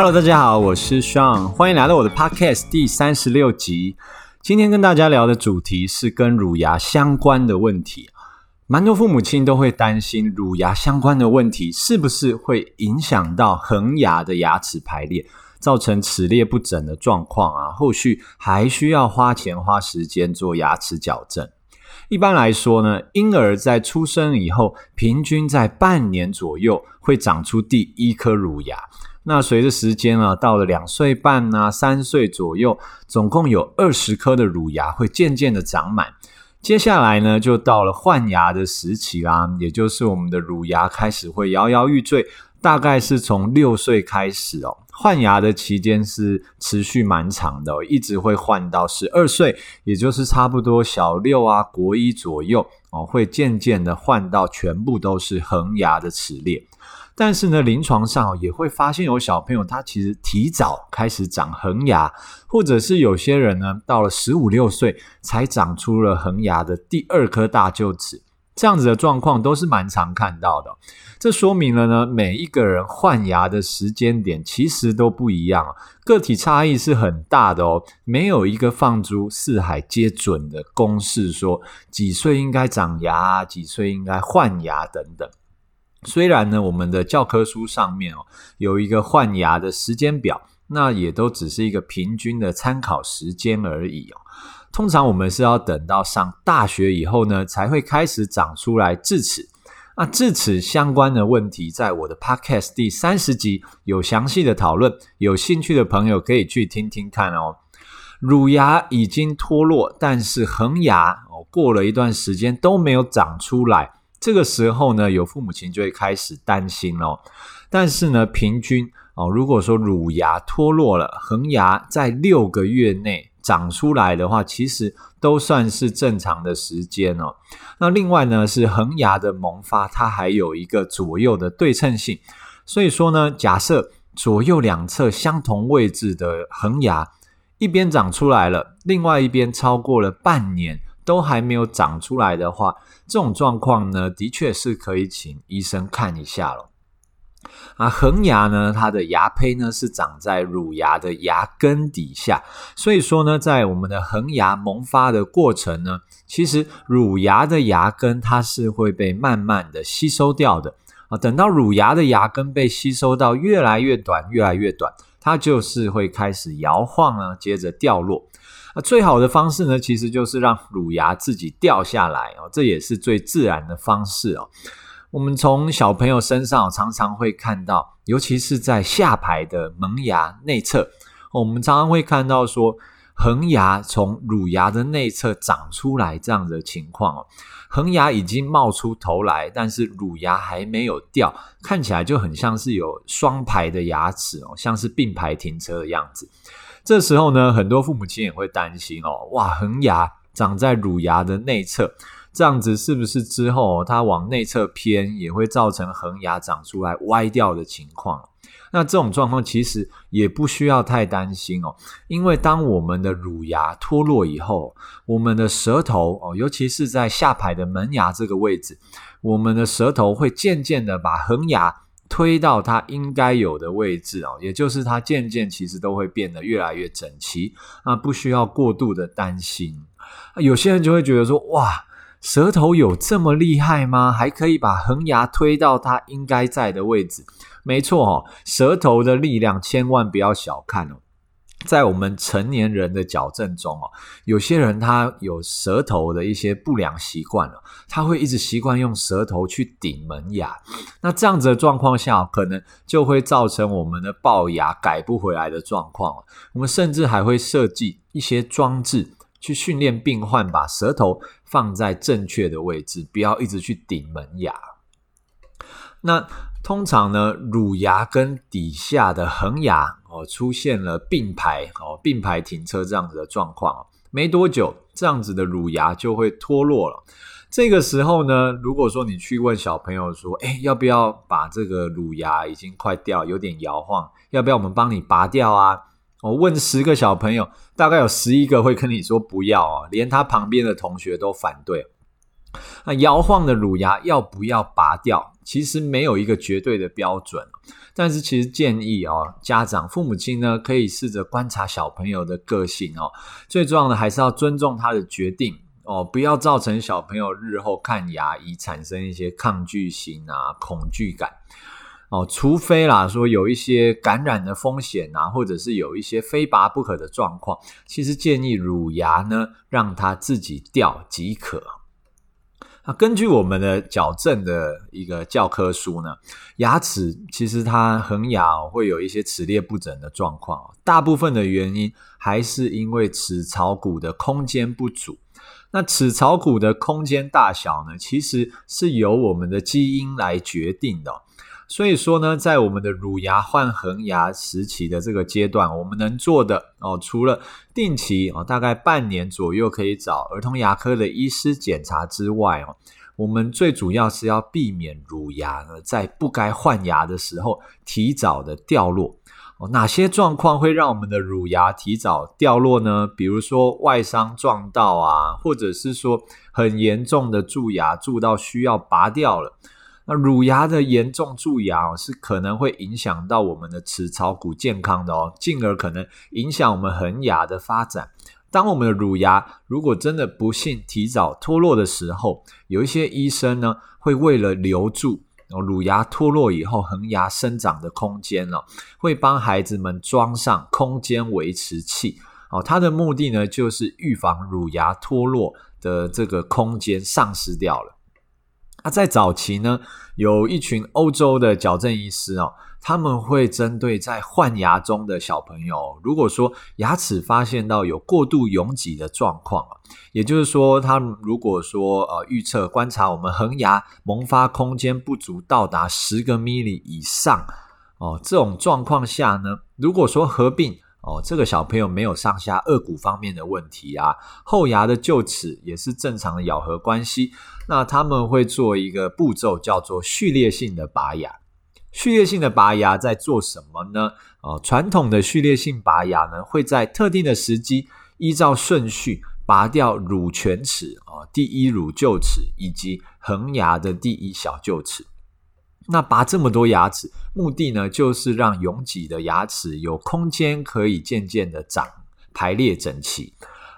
Hello，大家好，我是 Sean，歡迎來到我的 Podcast 第三十六集。今天跟大家聊的主題是跟乳牙相關的問題。蠻多父母親都會擔心乳牙相關的問題是不是會影響到恆牙的牙齒排列，造成齒列不整的狀況啊？後續還需要花錢花時間做牙齒矯正。一般來說呢，嬰兒在出生以後，平均在半年左右會長出第一顆乳牙。那隨着時間啊，到了兩歲半啊、三歲左右，總共有二十顆的乳牙會漸漸的長滿。接下來呢，就到了換牙的時期啦、啊，也就是我們的乳牙開始會搖搖欲墜，大概是從六歲開始哦。換牙的期間是持續蠻長的、哦，一直會換到十二歲，也就是差不多小六啊、國一左右哦，會漸漸的換到全部都是恆牙的齒列。但是呢，臨床上也會發現有小朋友他其實提早開始長恆牙，或者是有些人呢，到了十五六歲才長出了恆牙的第二顆大臼齒，這樣子的狀況都是蠻常看到的。這說明了呢，每一個人換牙的時間點其實都不一樣，個體差異是很大的哦。沒有一個放諸四海皆準的公式說幾歲應該長牙，幾歲應該換牙等等。雖然呢，我們的教科書上面哦有一個換牙的時間表，那也都只是一個平均的參考時間而已哦。通常我們是要等到上大學以後呢，才會開始長出來智齒。那智齒相關的問題，在我的 podcast 第三十集有詳細的討論，有興趣的朋友可以去聽聽看哦。乳牙已經脫落，但是恆牙哦過了一段時間都沒有長出來。這個時候呢，有父母親就會開始擔心咯、哦，但是呢，平均哦，如果說乳牙脫落了，恆牙在六個月內長出來的話，其實都算是正常的時間哦。那另外呢，是恆牙的萌發，它還有一個左右的對稱性。所以說呢，假設左右兩側相同位置的恆牙一邊長出來了，另外一邊超過了半年。都還沒有長出來的話，這種狀況呢，的確是可以請醫生看一下了。啊，恆牙呢，它的牙胚呢，是長在乳牙的牙根底下，所以說呢，在我們的恆牙萌發的過程呢，其實乳牙的牙根它是會被慢慢的吸收掉的啊。等到乳牙的牙根被吸收到越來越短、越來越短，它就是會開始搖晃啊，接着掉落。啊，最好的方式呢，其實就是讓乳牙自己掉下來哦，這也是最自然的方式哦。我們從小朋友身上、哦、常常會看到，尤其是在下排的門牙內側，哦、我們常常會看到說，恆牙從乳牙的內側長出來這樣的情況哦。恆牙已經冒出頭來，但是乳牙還沒有掉，看起來就很像是有雙排的牙齒哦，像是並排停車的樣子。這時候呢，很多父母親也會擔心哦，哇，恆牙長在乳牙的內側，這樣子是不是之後、哦、它往內側偏，也會造成恆牙長出來歪掉的情況？那這種狀況其實也不需要太擔心哦，因為當我們的乳牙脫落以後，我們的舌頭哦，尤其是在下排的門牙這個位置，我們的舌頭會漸漸的把恆牙推到它應該有的位置啊、哦，也就是它漸漸其實都會變得越來越整齊，那、啊、不需要過度的擔心、啊。有些人就會覺得說：哇，舌頭有這麼厲害嗎？還可以把恆牙推到它應該在的位置？沒錯哦，舌頭的力量千萬不要小看哦。在我們成年人的矯正中哦，有些人他有舌頭的一些不良習慣哦，他會一直習慣用舌頭去頂門牙，那這樣子的狀況下，哦，可能就會造成我們的龅牙改不回來的狀況。我們甚至還會設計一些裝置去訓練病患，把舌頭放在正確的位置，不要一直去頂門牙。那。通常呢，乳牙跟底下的恆牙哦出現了並排哦並排停車這樣子的狀況，哦，沒多久這樣子的乳牙就會脫落了。這個時候呢，如果說你去問小朋友說，哎，要不要把這個乳牙已經快掉，有點搖晃，要不要我們幫你拔掉啊？我，哦，問十個小朋友，大概有十一個會跟你說不要啊，哦，連他旁邊的同學都反對。那搖晃的乳牙要不要拔掉？其實沒有一個絕對的標準，但是其實建議哦，家長父母親呢可以試着觀察小朋友的個性哦。最重要的還是要尊重他的決定哦，不要造成小朋友日後看牙醫產生一些抗拒心啊、恐懼感哦。除非啦，說有一些感染的風險啊，或者是有一些非拔不可的狀況，其實建議乳牙呢讓他自己掉即可。那、啊、根據我們的矯正的一個教科書呢，牙齒其實它恆牙、哦、會有一些齒列不整的狀況、哦，大部分的原因還是因為齒槽骨的空間不足。那齒槽骨的空間大小呢，其實是由我們的基因來決定的、哦。所以說呢，在我們的乳牙換恆牙時期的這個階段，我們能做的哦，除了定期哦，大概半年左右可以找兒童牙科的醫師檢查之外哦，我們最主要是要避免乳牙呢在不該換牙的時候提早的掉落哦。哪些狀況會讓我們的乳牙提早掉落呢？比如說外傷撞到啊，或者是說很嚴重的蛀牙蛀到需要拔掉了。那乳牙的嚴重蛀牙哦，是可能會影響到我們的齒槽骨健康的哦，進而可能影響我們恆牙的發展。當我們的乳牙如果真的不幸提早脫落的時候，有一些醫生呢，會為了留住乳牙脫落以後恆牙生長的空間哦，會幫孩子們裝上空間維持器哦。它的目的呢，就是預防乳牙脫落的這個空間喪失掉了。在早期呢，有一群歐洲的矯正醫師哦，他們會針對在換牙中的小朋友，如果說牙齒發現到有過度擁擠的狀況，也就是說，他如果說呃預測觀察我們恆牙萌發空間不足，到達十個 mm 以上哦，呃，這種狀況下呢，如果說合併。哦，這個小朋友沒有上下顎骨方面的問題啊，後牙的臼齒也是正常的咬合關係。那他們會做一個步驟，叫做序列性的拔牙。序列性的拔牙在做什麼呢？哦，傳統的序列性拔牙呢，會在特定的時機，依照順序拔掉乳犬齒、哦，第一乳臼齒以及恆牙的第一小臼齒。那拔這麼多牙齒，目的呢就是讓擁擠的牙齒有空間可以漸漸地長，排列整齊。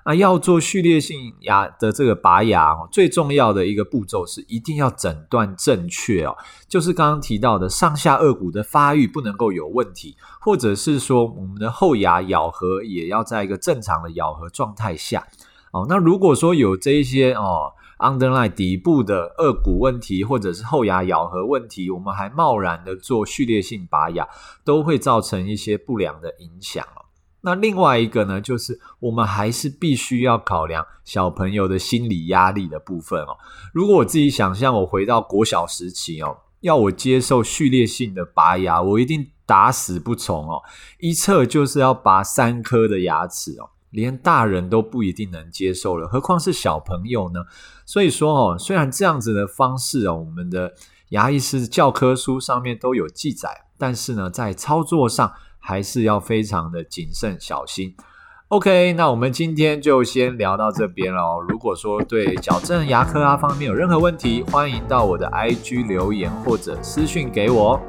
那要做序列性牙的這個拔牙，最重要的一個步驟是一定要診斷正確哦，就是剛剛提到的上下顎骨的發育不能夠有問題，或者是說我們的後牙咬合也要在一個正常的咬合狀態下哦。那如果說有這些哦。underline 底部的顎骨問題，或者是後牙咬合問題，我們還貿然的做序列性拔牙，都會造成一些不良的影響哦。那另外一個呢，就是我們還是必須要考量小朋友的心理壓力的部分哦。如果我自己想象，我回到國小時期哦，要我接受序列性的拔牙，我一定打死不從哦。一側就是要拔三顆的牙齒哦。連大人都不一定能接受了，何況是小朋友呢？所以說哦，雖然這樣子的方式哦，我們的牙醫師教科書上面都有記載，但是呢，在操作上還是要非常的謹慎小心。OK，那我們今天就先聊到這邊嘍。如果說對矯正牙科啊方面有任何問題，歡迎到我的 IG 留言或者私訊給我。